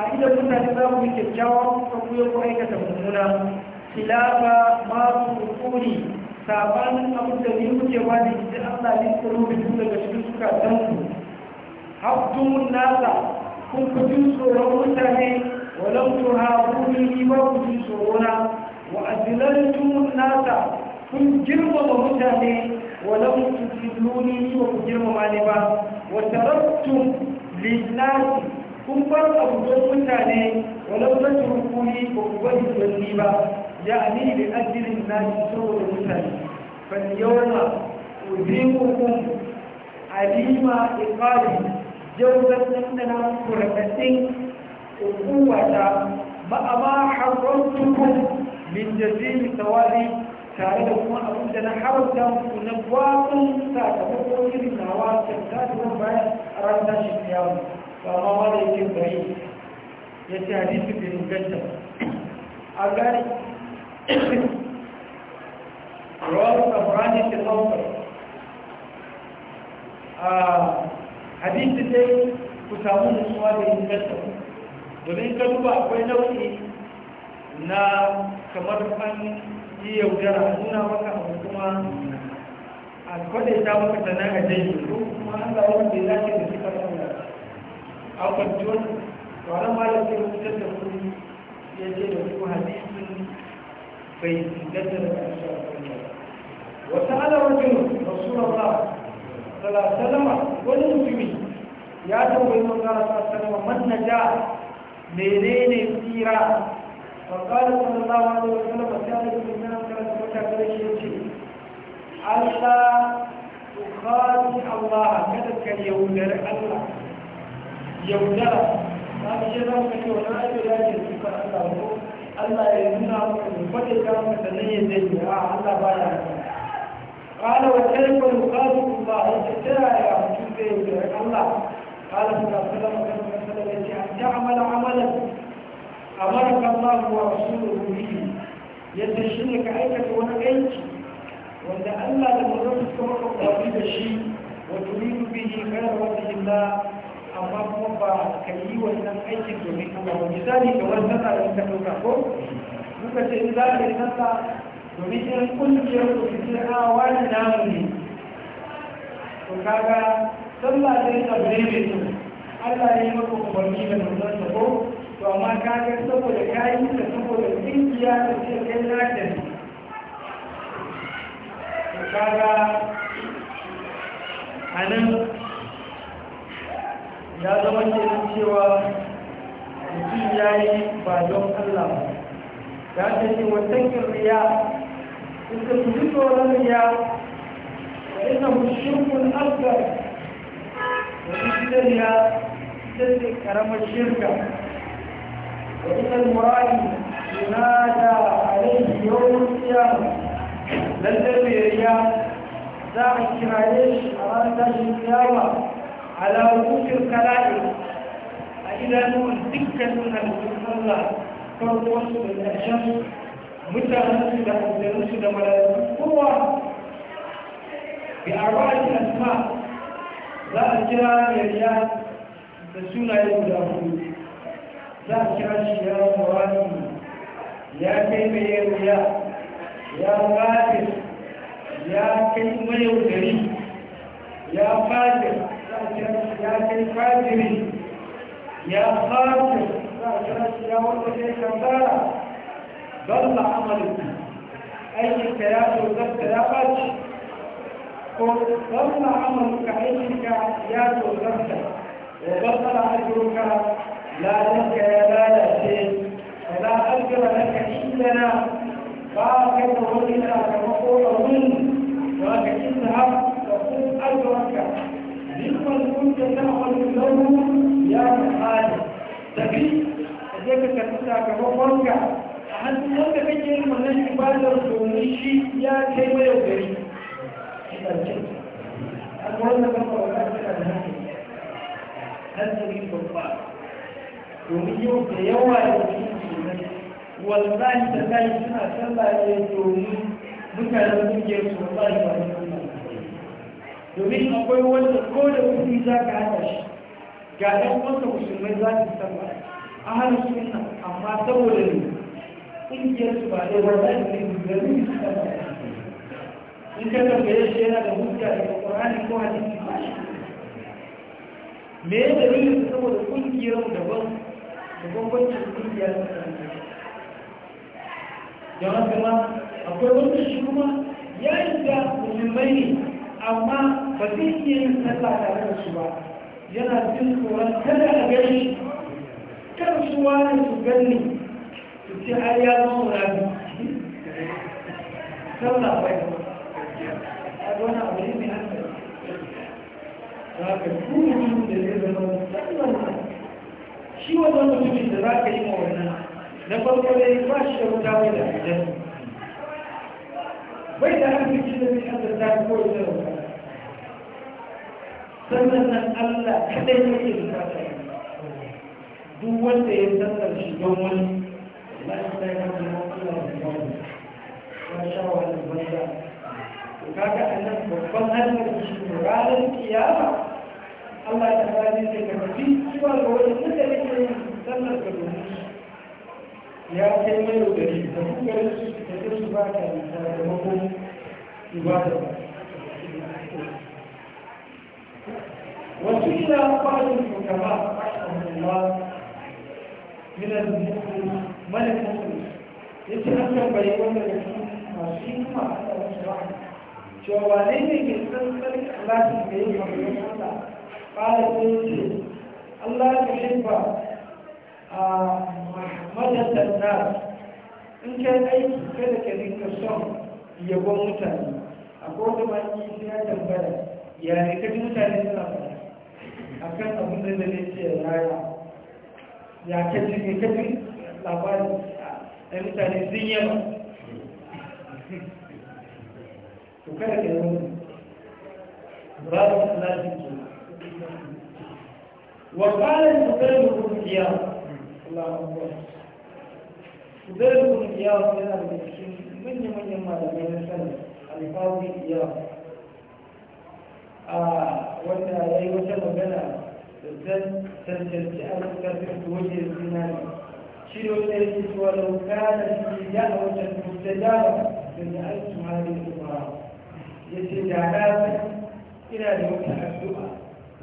a idan mutane za mu yi kyakkyawa ko ku ku aikata mummuna khilafa ma kuri sabanin abin da ni kuke ba da ita Allah ne ku rubuta tun daga cikin suka dan ku habtumun nasa kun ku jin tsoron mutane walau tuhabu ni ba ku jin tsorona kun girmama mutane walau tuzilluni ni ba ku girmama ne ba wata taraktum lillahi kun bar abu don mutane walau tatrukuni ba ku bari don ni ba ya'ni bi ajrin na, saboda mutane ku? yawma udhikukum alima iqali jawzat indana ba a ma ama harramtukum min jazili tawari tare da kuma abin da na haramta muku na gwakon sakamako irin nawa kyauta da wani bayan a ranar ya yawon ba ma wanda yake bari ya ce hadisi bai inganta a gani rawar tsabarani ke tsawon a hadisi dai ku samu nutsuwa da inganta domin ka duba akwai nau'i na kamar an yi yaudara nuna maka abu kuma a kwaɗe ta maka sana'a dai ko kuma an zaɓa wanda ya dace da suka sauna a kwanci wani tsoron malam da rubutar da kuri ya ce da kuma hadisun bai inganta da ƙarshe a kwanciya wata ala wajen rasulallah salasalama wani mutumi ya tambayi manzara salama man naja menene tsira فقال صلى الله عليه وسلم الثالث من الناس كانت متى كل شيء ألا تخادع الله كذلك يودر الله يودر هذا شيء لم تكن هناك لا يجب الله الله يزنى وقد كان مثلي يزنى الله بايع قال وكيف يخادع الله ترى يا رسول الله قال صلى الله عليه وسلم أن تعمل عملا أمرك الله ورسوله به يتشرك أيك ونأيك وأن ألا لمرتك وقضي بشيء وتريد به غير وجه الله أما كما كي وأن أيك تريد وبذلك وزنا لك تكون muka ce in za ka yi sassa domin irin kungiyar ku su ce a ah, wani namu ne to kaga sallah dai abu ne Allah ya yi maka umarni da manzon ko to amma ka saboda kayi da saboda kungiya da ce kai nata ne to kaga a nan ya zama ke cewa mutum ya yi ba don Allah ba ya ce ce wancan riya in ka fi tsoron riya ina shirkun asgar wani shirya ita ce karamar shirka وإن المراد ينادى عليه يوم القيامة لن يريا ذاك كرايش أمام تاج القيامة على وجوه الكلائم فإذا نقول دكة من الله فرقوش من الشمس متعنسد أبدلسد ولا قوة بأعراض الأسماء لا أجرى رياض da يوم guda za ki rashi ya murani ya kai mai wuya ya fadir ya kai mai wudari ya fadir za ki rashi ya kai fadiri ya fadir za ki rashi ya wanda kai kantara don la amalinku aikinka ya so zasta ya faci ko don la amalinku aikinka ya so zasta وبطل أجرك ladanka ya lalace wala ajira laka indana ba ka da wani sakamako a wurin ba ka inda haka ka kun ajiyarka liman kunta ta wani lauru ya mahali tafi ka je ka karɓi a hannun wanda kake yin wannan ibadar domin shi ya kai mayau gari shi ɗarkin an wanda kan ba wa ɗarkin da hankali hankali babba domin yau da yawa da cikin kenan wallahi da kai suna sallah ne domin mutanen kungiyar su wallahi ba ne domin akwai wanda ko da kuɗi za ka haɗa shi ga ɗan wanda musulmai za su sallah a hannun suna amma saboda ne ƙungiyar su ba ɗaya ba ne da ne su sallah in ka tambaye shi yana da hujja daga ƙwararri ko hadisi ba shi me ya dalilin saboda kungiyar daban da bambancin kungiya da da ma akwai wanda shi kuma ya yi da musulmai ne amma ba zai iya yin sallah tare da su ba yana jin tsoron kada a gani kar su wani su gani su ce ai ya zama rabi sallah bai da wani abu ne mai hankali da haka kuma da zai zama sallah shi wannan mutumin da za ka yi ma wannan na farko dai ba shi da wuta mai da hajjar bai da arziki da zai hajjar ta ko da wuta sannan nan Allah kaɗai ne ke bukata duk wanda ya sallar shi don wani ba shi ta yi hajjar Allah da wani ya sha wani banza kaga annan babban hanyar shi ranar kiyama Allah ta kaji ce ka fi zuwa ga wani suka yake yin sallar da domin ya kai mai yaudari da kuma su da ta su ba ta yi sakamakon ibada ba. Wasu ila kwanin shugaba Allah min al-mu'min malik mu'min yace an tambayi wanda da shi masu yi kuma a cewa ne ne ke san sarki Allah da yin abu ya قال سيدي الله a محمدة الناس in kai aiki kada ka rinka son yabon mutane a kowace baki sai ya tambaya ya ne kaji mutane suna a kan abin da zai ce ya raya ya kaji ne kaji mutane sun yawa to kada ka yi wani ba da lafiya وقال المدرب بن القياس الله أكبر مدرب بن القياس من بالمسكين من من يما لم يسلم الفاضي القياس وانا اي وجه مجانا الزن تنزل شعر كثيرة وجه الزنان شيرو الذي ولو كانت دعوة مستجابة أجل هذه الأمراض يتجعلات إلى لوكة الدعاء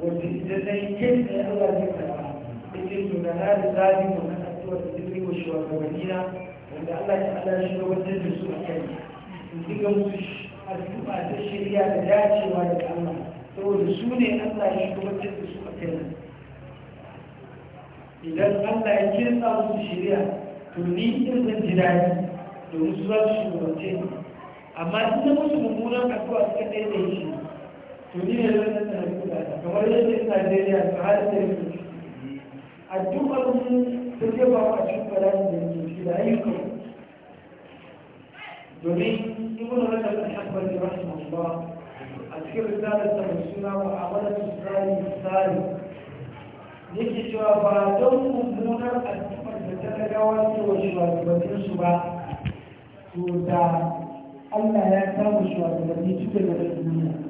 idan allah ya kirsa su shirya turni irin jirage domin su za su shugabance amma ina musu mummunan addu'a suka ɗaya da yake to ni ne zan tattara kuɗaɗa najeriya su har da yanzu a duk da ke da yake shi da ayyukan domin a cikin risalar sa mai cewa ba don mummunar al'ummar da ta gagawa ce wa ba to Allah ya kama shugabanni cikin da duniya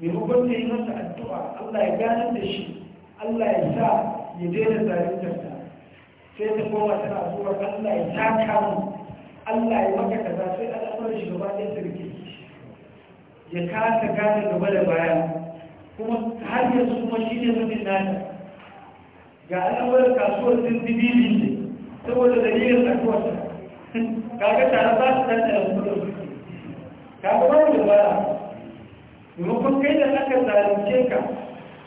maimakon da yi masa addu'a Allah ya gane da shi Allah ya sa ya daina zalintar ta sai ta koma tana zuwa Allah ya taka mu Allah ya maka kaza sai al'amuran shi gaba ɗaya sarki ya kasa gane gaba da baya kuma har yanzu kuma shi ne mutum nata ga al'amuran kasuwar sun ne saboda dalilin kaga tare ba su ɗan ɗan domin kai da aka zalunce ka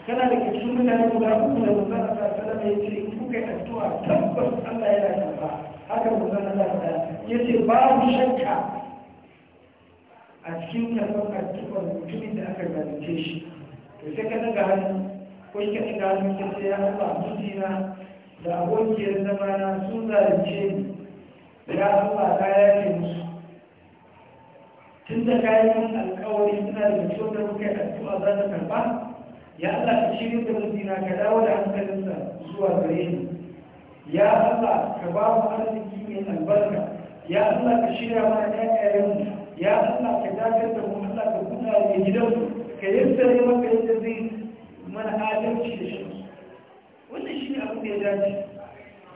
kana da cikin mutane guda kuma da mutum a sasana mai ce kuka addu'a tabbas Allah yana karba haka mutum Allah ta yace babu shakka a cikin karɓar addu'ar mutumin da aka zalunce shi to sai ka daga hannu ko ka daga hannu ka ce ya a mutina da abokiyar na sun zalunce ni ya Allah ta yafe musu tun da kayan mun alkawari suna da mutum da muka addu'a za ta karba ya Allah ka shirya da mutina ka dawo da hankalinsa zuwa gare ni ya Allah ka ba mu arziki mai albarka ya Allah ka shirya mana ƴaƴayen ya Allah ka dakatar da mu Allah ka buɗa mai gidan ka sare maka yadda zai mana adalci da shi wannan shi ne abin da ya dace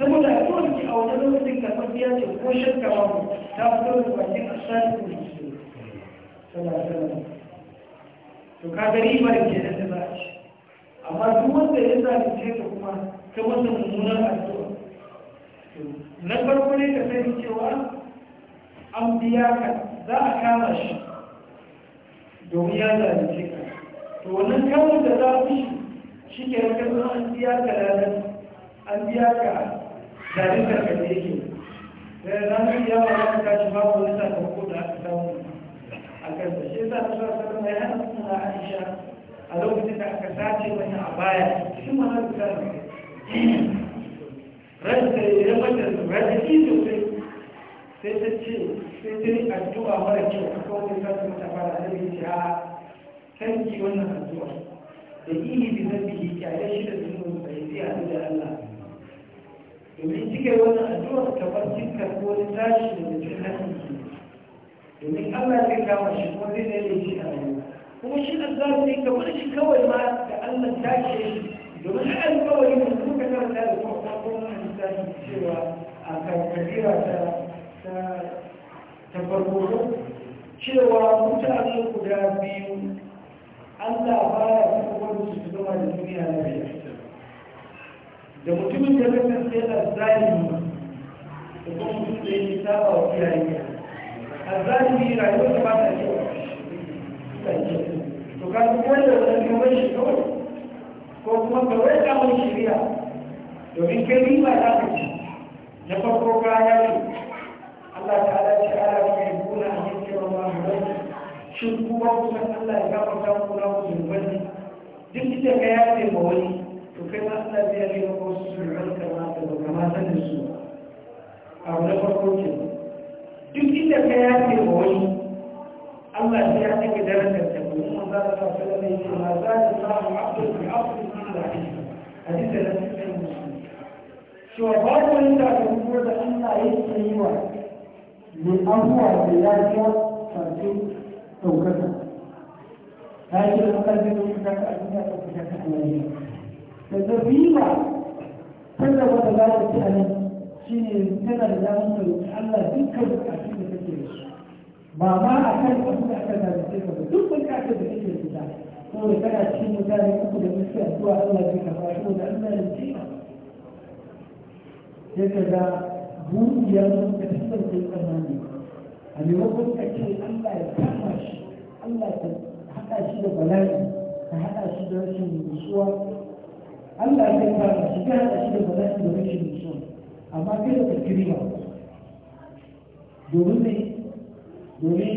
saboda a kowace a wani lokacin karfafiya ce ko shakka ba ta fito da bakin asali sallallahu to ka gari ba ke nan da amma duk wanda ya zalunce ka kuma ta wata mummunar addu'a na farko ne ka sani cewa an biya ka za a kama shi domin ya zalunce ka to wannan da za ku shi shi ke zuwa an biya ka lalar an biya ka zalunta ka da yake da eh, ranar babu wani sakamako kansa shi yasa ta sa ta mai hana suna Aisha a lokacin da aka sace wani a baya shi ma zai ta rasa ya mata rasa ki sosai sai ta ce sai ta yi addu'a mara kyau a kawai ta su mata fara da ya ce a kanki wannan addu'a da ihi bi zambihi kyale shi da zunubin bai zai hadu da Allah domin kika yi wannan addu'a ta farkin karɓo wani tashi daga cikin hannun domin Allah zai kama shi kuma zai daidai shi a rayuwa kuma shi da za su yi kamar shi kawai ma da Allah ta ce domin an kawai da su ka karanta da kuma kuma na misali cewa a karkatira ta ta ta farko cewa mutane guda biyu Allah ba ya kuma wani su zama da duniya na biyar da mutumin da kasance yana zalimi da kuma mutum da ya saba wa iyayen azzalimi rayuwar da ba ta kyau to ka duk wanda wani kamar shi kawai ko kuma kawai kamar shari'a domin kai riba ta ka na farko ka ya ce Allah ta ala ce ala yi kuna a yankin ruwa mai shi kuma kusan Allah ya gafarta muku na ku zunuban ne duk ita ka ya ce ma wani to kai ma Allah zai yi maka wasu zunuban kamata da kamata da su abu na farko duk inda ka yafe wa wani Allah sai ya take darajar ta ko kuma za ta fara da mai ma za ta samu abdul bi abdul illa hadisi da cikin musulmi shi wa ba ku inda ka rubuta da Allah yake yi wa ne abuwa da ya ga sarki daukaka ta yi da kan da su ka a duniya ko ka ta Allah ne da zabiba kada wata za ta ci a nan shi ne tana da damar ka roƙi Allah dukkan bukatun da take da su ba ma a kan abin da aka zalunce ka ba duk bukatun da kake da ta saboda kana cikin mutane uku da muke addu'a Allah zai karɓa saboda an zalunce ka sai ka ga buɗiyar ka tattar da tsammani a maimakon ka ce Allah ya kama shi Allah ya haɗa shi da bala'i ka haɗa shi da rashin nutsuwa Allah ya kama shi ka haɗa shi da bala'i da rashin nutsuwa amma sai da kirkiya domin ne domin